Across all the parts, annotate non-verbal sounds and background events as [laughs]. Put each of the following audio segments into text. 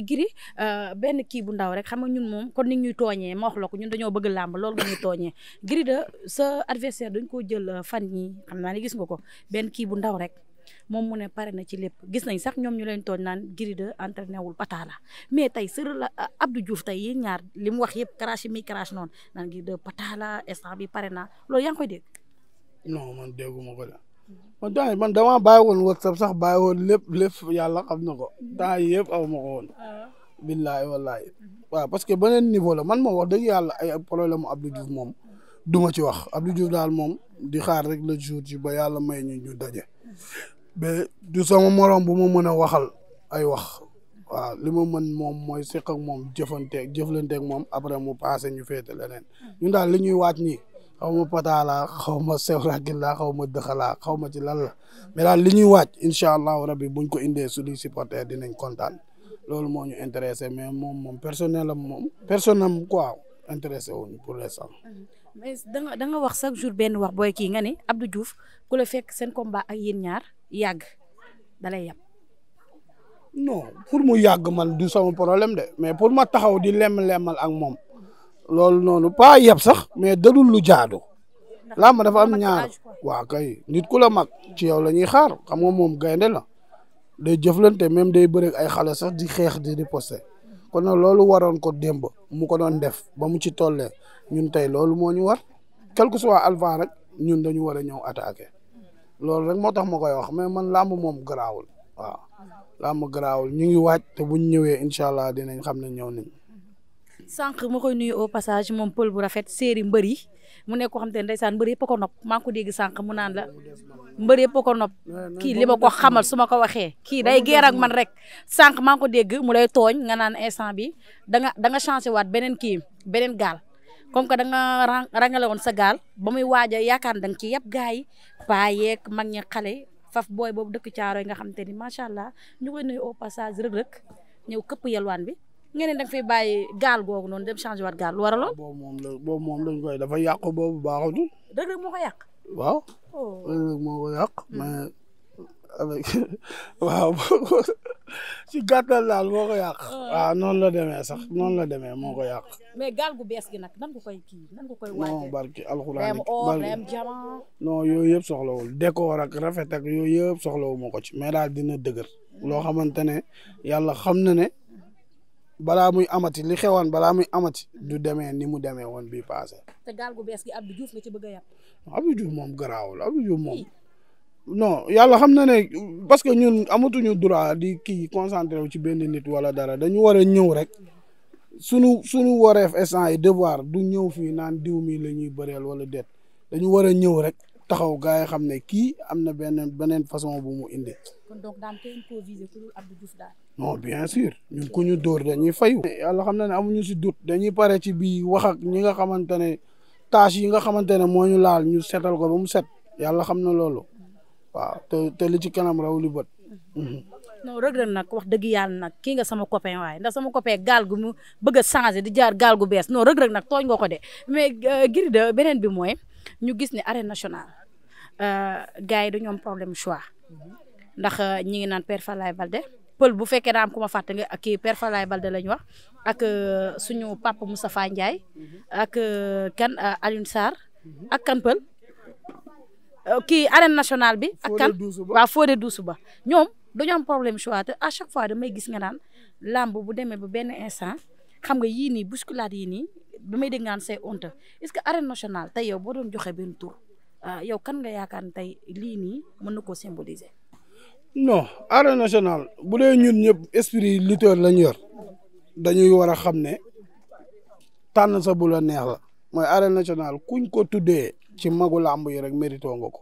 Gris euh, benn kii bu ndaw rek xam nga ñun moom kon ni ñuy tooñee ma wax la ko ñun dañoo bëgg làmb loolu nga ñuy tooñee Gris de sa adversaire dañ koo jël euh, fan yi xam naa ne gis nga ko benn kii bu ndaw rek moom mu ne pare na ci lépp gis nañ sax ñoom ñu leen tooñ naan Gris 2 entraîné wul pataala mais tey sër la euh, Abdou Diouf tey yéen ñaar li mu wax yëpp crash mi crash noonu naan Gris 2 pataala instant bi pare na loolu yaa ngi no dégg. non man dégguma ko de. man temps man damaa bàyyi WhatsApp sax bàyyi woon lépp lépp yàlla xam na ko temps aw ma ko woon. Ah. billaay wallaay waaw parce que beneen niveau la man moom wax dëgg yàlla ay problème mu Abdou Diouf moom duma ci wax Abdou Diouf daal moom di xaar rek le jour ci ba yàlla ba du sama moroom bu ma mën a waxal ay wax waaw li ma mën moom mooy seq ak moom jëfanteeg jëflanteeg moom après mu passé ñu féete leneen ñun daal li ñuy waaj nii xaw ma pataalaa xaw ma sewrakin laa xaw ma dëxalaa xaw ma ci lan la mais daal li ñuy waaj incha allahu rabbi buñ ko indee suñuy supporter dinañ kontaan loolu moo ñu intéressé mais moom moom personnel am moom personne am quoi intéressé wuñu pour l'instant mais da da nga wax chaque jour benn wax booy kii nga ne Abdou Diouf ku la fekk seen combat ak yéen ñaar yàgg dalay yàpp no pour mu yàgg man du sama problème de mais pour ma taxaw di lem-lemal ak moom loolu noonu pas yeb sax mais dadul lu jaadu laa ma dafa am ñaar waa kay nit ku la mag ci yow la ñuy xaar xam nga moom gaynde la day jëflante même day bëre ay xale sax di xeex di riposte kon nag loolu waroon ko démb mu ko doon def ba mu ci tollee ñun tey loolu moo ñu war quel que soit alpha rek ñun dañu war a ñëw attaqué loolu rek moo tax ma koy wax mais man làmb moom garaawul waaw làmb garaawul ñu ngi waaj te buñ ñëwee incha allah dinañ xam ne ñëw nañ. sànq ma koy nuyu o passage moom pël bu rafet séeri mbër yi mu nekk ko xam te ne ndeysaan mbër yëpp a ko nopp maa ko dégg sànq mu naan mbër yëpp ko nopp kii li ma ko xamal su ma ko waxee kii day geer ak man rek sànq maa ko dégg mu lay tooñ nga naan instant bi da nga da nga changé waat beneen kii beneen gaal comme que da nga rangale woon sa gaal ba muy waaj a yaakaar da nga ci yëpp gars yi paa yeeg mag ñi xale faf booy boobu dëkk caaro yi nga xam te ni macha allah ñu koy nuyu au passage rëg-rëg ñëw këpp yalwaan bi ngeen ne da nga fiy bàyyi gaal googu noonu dem changé waat gaal lu wara a lool. Ah, boobu moom la boobu moom lañ koy dafa yàq boobu baaxatul. rëg-rëg moo ko yàq. waaw. Oh. rëg-rëg yàq hmm. mais [laughs] [laughs] si gàttal daal moo ko yàq. waaw ah. ah, noonu la demee sax noonu la demee moo ko yàq. mais gaal gu bees gi nag nan nga koy kii nan nga koy. waajal non barki alxuraan yooyu yëpp soxlawul décor ak rafet ak yooyu yëpp ko ci mais daal dina dëgër. loo xamante ne yàlla xam na ne balaa muy amati li xewoon bala muy amati du demee ni mu demee woon bii passé. te gaal gu bees gi Abdou Diouf ci bëgg moom garaawul Abdou Diouf moom. non yàlla xam na ne parce que ñun amatuñu droit di kii concentré wu ci benn nit wala dara dañu war a ñëw rek sunu sunu wareef instant yi devoir du ñëw fii naan diw mi la ñuy bëreel wala déet dañu war a ñëw rek taxaw gars yi xam ne kii am na benn beneen façon bu mu indee kon donc daan koy improviser pour Abdou bien sûr ñun ku ñu dóor dañuy fayu. yàlla xam na ne amuñu si doute dañuy pare ci bii wax ak ñi nga xamante ne tâche yi nga xamante ne moo ñu laal ñu setal ko ba mu set yàlla xam na loolu. waaw te te li ci kanam raw li mm-hmm. nag wax dëgg yàlla nag kii nga sama copain waaye ndax sama copain gaal gu mu bëgg changé di jaar gaal gu bees non Reug nag tooñ nga de mais euh, giri beneen bi mooy ñu gis ne arène nationale euh, gars yi dañoo problème choix mm-hmm. ndax euh, ñi ngi naan Père Falaye Balde pël bu fekkee daa am ku ma fàtte nga ak kii Père Balde lañ wax ak suñu papa Moustapha Ndiaye mm-hmm. ak kan Alioune ak kan pël kii arène national bi. ak kan waaw Fodé ba ñoom dañu am problème choix a à chaque fois damay gis nga naan làmb bu demee ba benn instant xam nga yii nii bousculade yii nii bi may dégg naan c'est honte est-ce que arène nationale tey yow boo doon joxe benn tour ah, yow kan nga yaakaar ne tey lii nii mën na koo symboliser. non arène nationale bu dee ñun ñëpp esprit lutteur la ñu yor dañuy war a xam ne tànn sa bu la neex la mooy arène nationale kuñ ko tuddee ci magu làmb yi rek mérito nga ko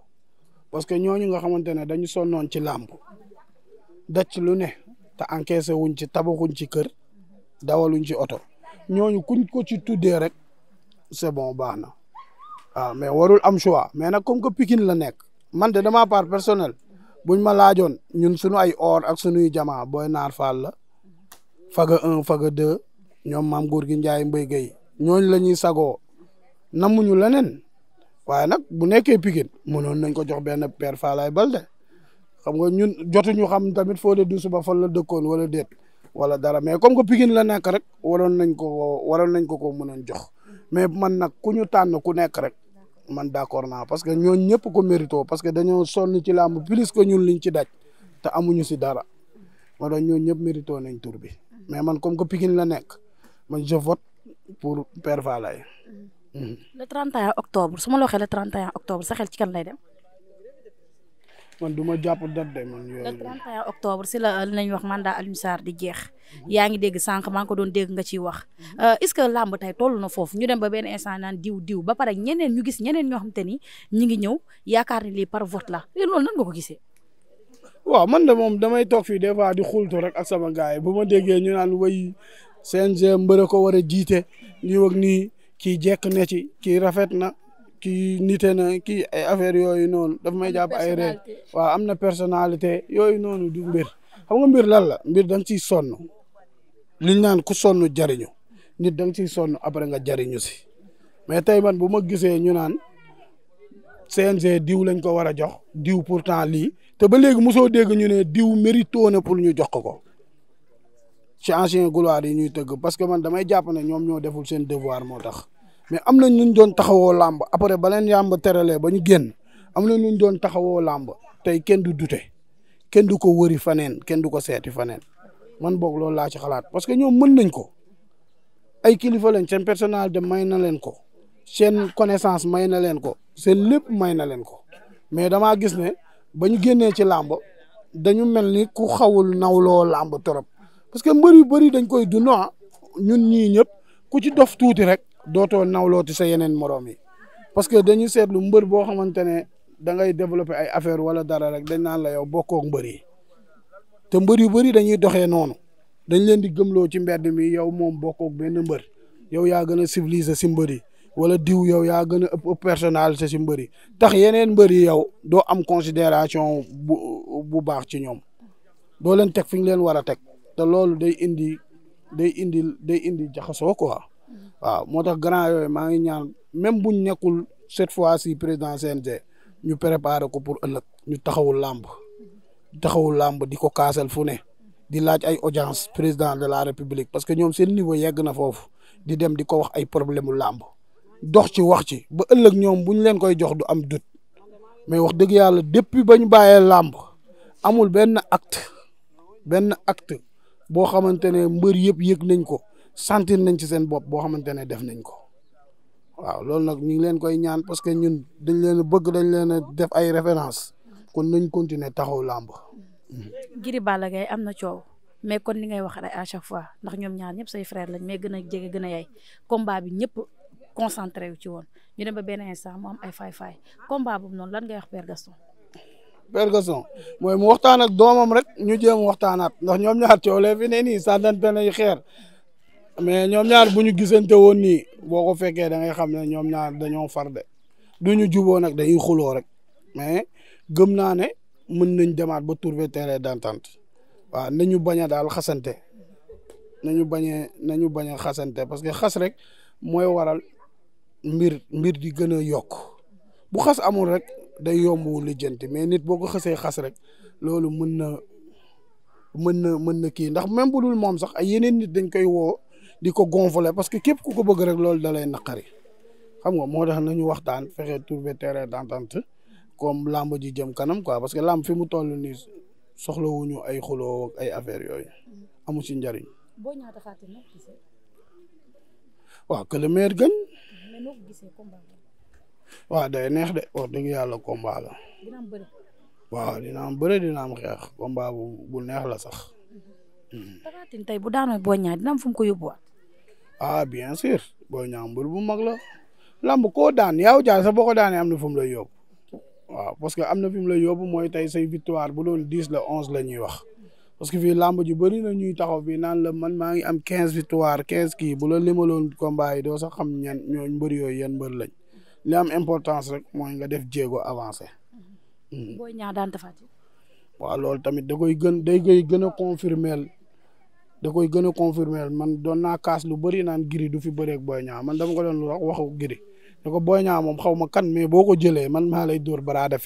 parce que ñooñu nga xamante ne dañu sonnoon ci làmb daj lu ne te encaissé wuñ ci tabaxuñ ci kër dawaluñ ci oto ñooñu kuñ ko ci tuddee rek c'est bon baax na waaw mais warul am choix mais nag comme que Pikine la nekk man de dama part personnel buñ ma laajoon ñun sunu ay or ak suñuy jamaa booy naar faal la faga un faga deux ñoom maam góor gi njaay mbéy gay ñooñ la ñuy sagoo namuñu leneen waaye nag bu nekkee Pikine mënoon nañ ko jox benn père bal Balde xam nga ñun jotuñu xam tamit foo Fodé Doussouba fan la dëkkoon wala déet wala dara mais comme que Pikine la nekk rek waroon nañ ko waroon nañ ko ko mënoon jox mais man nag ku ñu tànn ku nekk rek man d'accord naa parce que ñooñ ñëpp ko mérito parce que dañoo sonn ci làmb plus que ñun liñ ci daj te amuñu si dara ma doon ñëpp mérito nañ tur bi mais man comme que Pikine la nekk man je vote pour père le 31 octobre su ma la waxee le 31 octobre sa xel ci kan lay dem. man du ma jàpp date de man yooyu. octobre si la li nañ wax mandat Alioune Sarr di jeex. yaa ngi dégg sànq maa ngi ko doon dégg nga ciy wax. Euh, est-ce que làmb tey toll na foofu ñu dem ba benn instant naan diw diw ba pare ñeneen ñu gis ñeneen ñoo xam te ni ñu ngi ñëw yaakaar ni lii par vote la loolu nan nga ko gisee. waaw man de moom damay toog fii des fois di xultu rek ak sama gars ma déggee ñu naan way CNG mbër war a jiite nii ki jekk ne ci kii rafet na ki nite na kii ay affaire yooyu noonu daf may jàpp ay reer waaw am na personnalité yooyu noonu du mbir xam nga mbir lan la mbir da nga ciy sonn liñ naan ku sonn jariñu nit da nga ciy sonn après nga jariñu si mais tey man bu ma gisee ñu naan CNG diw lañ ko war a jox diw pourtant lii te ba léegi mosoo dégg ñu ne diw mérito na pour ñu jox ko ko ci ancien gloire yi ñuy tëgg parce que man damay jàpp ne ñoom ñoo deful seen devoir moo tax mais am nañ ñu doon taxawoo làmb après ba leen yàmb teralee ba ñu génn am na ñu doon taxawoo làmb tey kenn du dute kenn du ko wëri faneen kenn du ko seeti faneen man boog loolu laa ci xalaat parce que ñoom mën nañ ko ay kilifa lañ seen personnalité may na leen ko seen connaissance may na leen ko seen lépp may na leen ko mais damaa gis ne ba ñu génnee ci làmb dañu mel ni ku xawul nawloo làmb trop. parce que mbër yu bëri dañ koy dund ah, ñun ñii ñëpp ku ci dof tuuti rek dootoo nawlooti sa yeneen moroom yi parce que dañu seetlu mbër boo xamante ne da ngay développer ay affaire wala dara rek dañ naan la yow bokkook mbëri te mbër yu bëri dañuy doxee noonu dañ leen di gëmloo ci mbedd mi yow moom bokkook benn mbër yow yaa gën a civilisé si mbëri yi wala diw yow yaa gën a ëpp personnalité si mbëri yi tax yeneen mbër yi yow doo am considération bu bu baax ci ñoom doo leen teg fi leen war a teg te loolu day indi day indi day indi jaxasoo quoi waaw moo tax grand yooyu maa ngi ñaan même buñ ñekkul cette fois si président CNG ñu préparer ko pour ëllëg ñu taxawul làmb taxawul làmb di ko kaasal fu ne di laaj ay audience président de la république parce que ñoom seen niveau yegg na foofu di dem di ko wax ay problème mu làmb dox ci wax ci ba ëllëg ñoom buñ leen koy jox du am dut mais wax dëgg yàlla depuis ba ñu bàyyee làmb amul benn acte benn acte boo xamante ne mbër yëpp yëg nañ ko sentir nañ ci seen bopp boo xamante ne def nañ ko waaw loolu nag ñu ngi leen koy ñaan parce que ñun dañ leen bëgg dañ leen a def ay référence kon nañ continuer taxaw làmb. Mm-hmm. Gris Balla Gaye am na coow mais kon ni ngay wax rek à chaque fois ndax ñoom ñaar ñëpp say frère lañ mais gën a jege gën a yaay combat bi ñëpp concentré wu ci woon ñu dem ba benn instant mu am ay fay-fay combat boobu noonu lan ngay wax Père Gaston. Père Gaston mooy mu waxtaan ak doomam rek ñu jéem waxtaanaat ndax ñoom ñaar coow lee fi ne nii sànnante xeer mais ñoom ñaar bu ñu gisante woon nii boo ko fekkee da ngay xam ne ñoom ñaar dañoo far de du ñu juboo nag dañuy xuloo rek mais gëm naa ne mën nañ demaat ba trouver terrain d'entente waaw nañu bañ a daal xasante nañu bañee nañu bañ a xasante parce que xas rek mooy waral mbir mbir di gën a yokk bu xas amul rek day yombu lijjanti mais nit boo ko xësee xas rek loolu mën na mën na mën na kii ndax même bu dul moom sax a yeneen nit dañ koy woo di ko gonfler parce que képp ku ko bëgg rek loolu da lay naqari xam nga moo tax nañu waxtaan fexe trouver terrain d'entente kom làmb ji jëm kanam quoi parce que làmb fi mu toll nii soxlawuñu ay xuloo ay affaire yooyu amu ci njariñ. boo ñaata fàtte waaw day neex de wax dëgg yàlla combat la. dina waaw dina am bëre dina am xeex combat bu bu neex la sax. Mm-hmm. Tapha Tine bu daanoo Boy Niang dina am fu mu ko yóbbuwaat. ah bien sûr Boy Niang mbër bu mag la. lamb koo daan yaaw jaar sa boo ko daanee am na fu mu lay yóbbu. waaw parce que am na fi mu lay yóbbu mooy tey say victoire bu doon dix la onze la ñuy wax. parce que fii làmb ji bëri na ñuy taxaw fii naan la man maa ngi am quinze victoire quinze kii bu la limaloon combat yi doo sax xam ñan ñooñu mbër yooyu yan mbër lañ. li am importance rek mooy nga def jéego avancé. Mm-hmm. Mm. Boy Niang daan loolu tamit da koy gën day koy gën a confirmer da koy gën a confirmer man doon naa kaas lu bari naan giri du fi bëreeg Boy Niang man dama ko doon wax waxu giri ne ko Boy Niang moom xaw ma kan mais boo ko jëlee man maa lay dóor bara de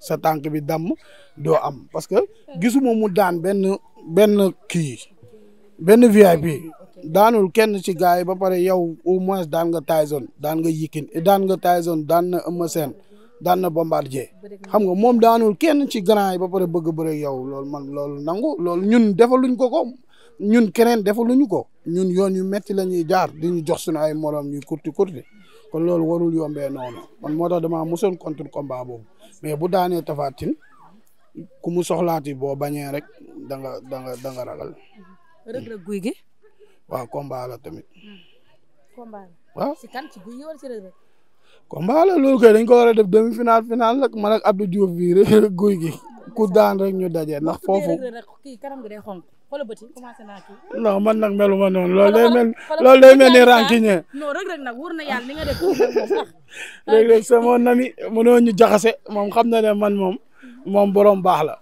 sa tànk bi damm doo am parce que gisuma mu daan benn benn kii benn VIP daanul kenn ci gars yi ba pare yow au moins daan nga Tyson daan nga Yékini daan nga Tyson daan na Eumeu Sène daan na Bombardier xam nga moom daanul kenn ci grand yi ba pare bëgg bëre yow loolu man loolu nangu loolu ñun defaluñ ko ko ñun keneen defaluñu ko ñun yoon yu metti la ñuy jaar di ñu jox suñu ay morom ñuy kurti kurti kon loolu warul yombee noonu man moo tax damaa mosoon contre combat boobu mais bu daanee Tapha Tine ku mu soxlaati boo bañee rek da nga da nga da ragal. gi. waaw combat la tamit. combat waaw si kan si guy la loolu kay dañ ko war a def demi final final nag man ak Abdou Diouf guy gi ku daan rek ñu daje ndax foofu. kii kanam gi day xonk xoolal bëti commencé man nag melu ma noonu. loolu day mel loolu day mel ni rancunier. Ah. non Reug Reug nag wóor na yàlla ni nga def. [laughs] Reug nami mënoo ñu jaxase moom xam na ne man moom moom borom baax la.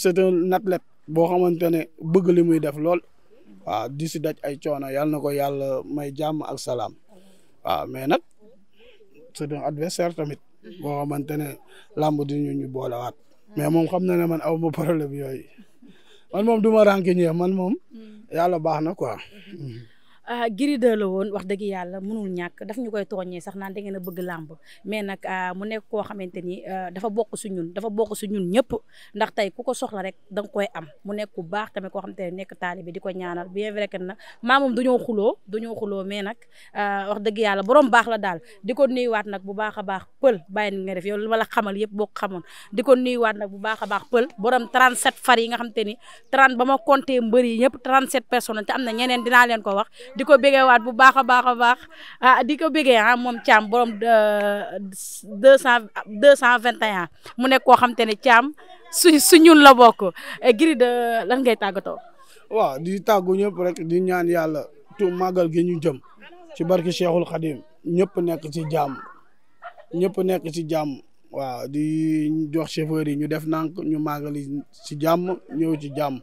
c'est un athlète boo xamante ne bëgg li muy def lool. waaw di si daj ay coono yàlla na ko yàlla may jàmm ak salaam a mais nag c'est un adversaire tamit boo xamante ne làmb di ñu ñu boolewaat mais moom xam na ne man aw ma problème yooyu man moom du ma rànki ñee man moom mm. yàlla baax na quoi mm-hmm. Ah, Gris 2 la woon wax dëgg yàlla mënul ñàkk daf ñu koy tooñee sax naan da ngeen a bëgg làmb mais nag ah, mu nekk koo xamante ni ah, dafa bokk su ñun dafa bokk su ñun ñëpp ndax tey ku ko soxla rek dan nga koy am mu nekk ku baax tamit koo xamante ne nekk taalibe di ko ñaanal bien vrai que nag maa moom dañoo xuloo dañoo xuloo mais nag wax dëgg yàlla borom baax la daal di ko nuyuwaat nag bu baax a baax pël bàyyi nga def yow li ma yëpp boo xamoon di ko nuyuwaat nag bu baax a baax pël borom 37 far yi nga xamante ni 30 ba ma compté mbër yi ñëpp 37 personnes te am na ñeneen dinaa leen ko wax di ko bégeewaat bu baax a baax a baax ah di ko bégee ah moom Thiam borom euh, deux cent deux cent vingt et un mu nekk koo xam te ne Thiam su su ñun la bokk eh, Gris de lan ngay tàggatoo. waaw di tàggu ñëpp rek di ñaan yàlla tu màggal gi ñu jëm ci barki Cheikhul Khadim ñëpp nekk ci jàmm ñëpp nekk si jàmm. waaw di jox chauffeur yi ñu def nànk ñu màggali si jàmm ñëw ci jàmm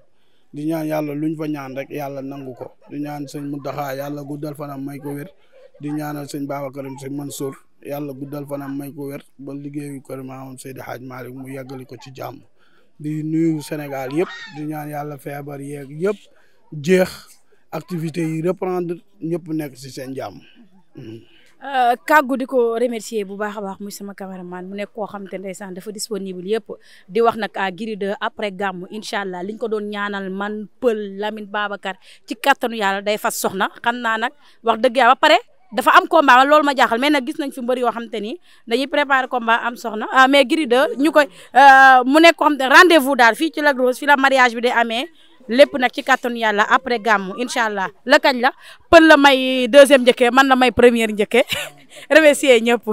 di ñaan yàlla luñ fa ñaan rek yàlla nangu ko di ñaan mu Muntaxa yàlla guddal fanam may ko wér di ñaanal sëñ Babacar man soor yàlla guddal fanam may ko wér ba liggéeyu kër maamam Seydi Hadj Malick mu yàggali ko ci jàmm di nuyu Sénégal yëpp di ñaan yàlla feebar yeeg yëpp jeex activités yi reprendre ñëpp nekk si seen jàmm. Euh, kàggu di ko remercier bu baax a baax muy sama cameraman mu nekk koo xam te ndeysaan dafa disponible yëpp di wax nag à après gàmm incha allah liñ ko doon ñaanal man Pël Lamine Babacar ci kattanu yàlla day fas soxna xam naa nag wax dëgg yàlla ba pare dafa am combat loolu ma jaaxal mais nag gis nañ fi mbër yoo xam te ni dañuy préparer combat am soxna ah, mais Gris 2 ñu koy euh, mu nekk koo xam te rendez daal fii ci Lac Rose fii la mariage bi day amee. lépp nag ci kàttanu yàlla après gàmm incha allah la kañ la pën la may deuxième njëkkee man la may première njëkkee [laughs] remercier ñëpp.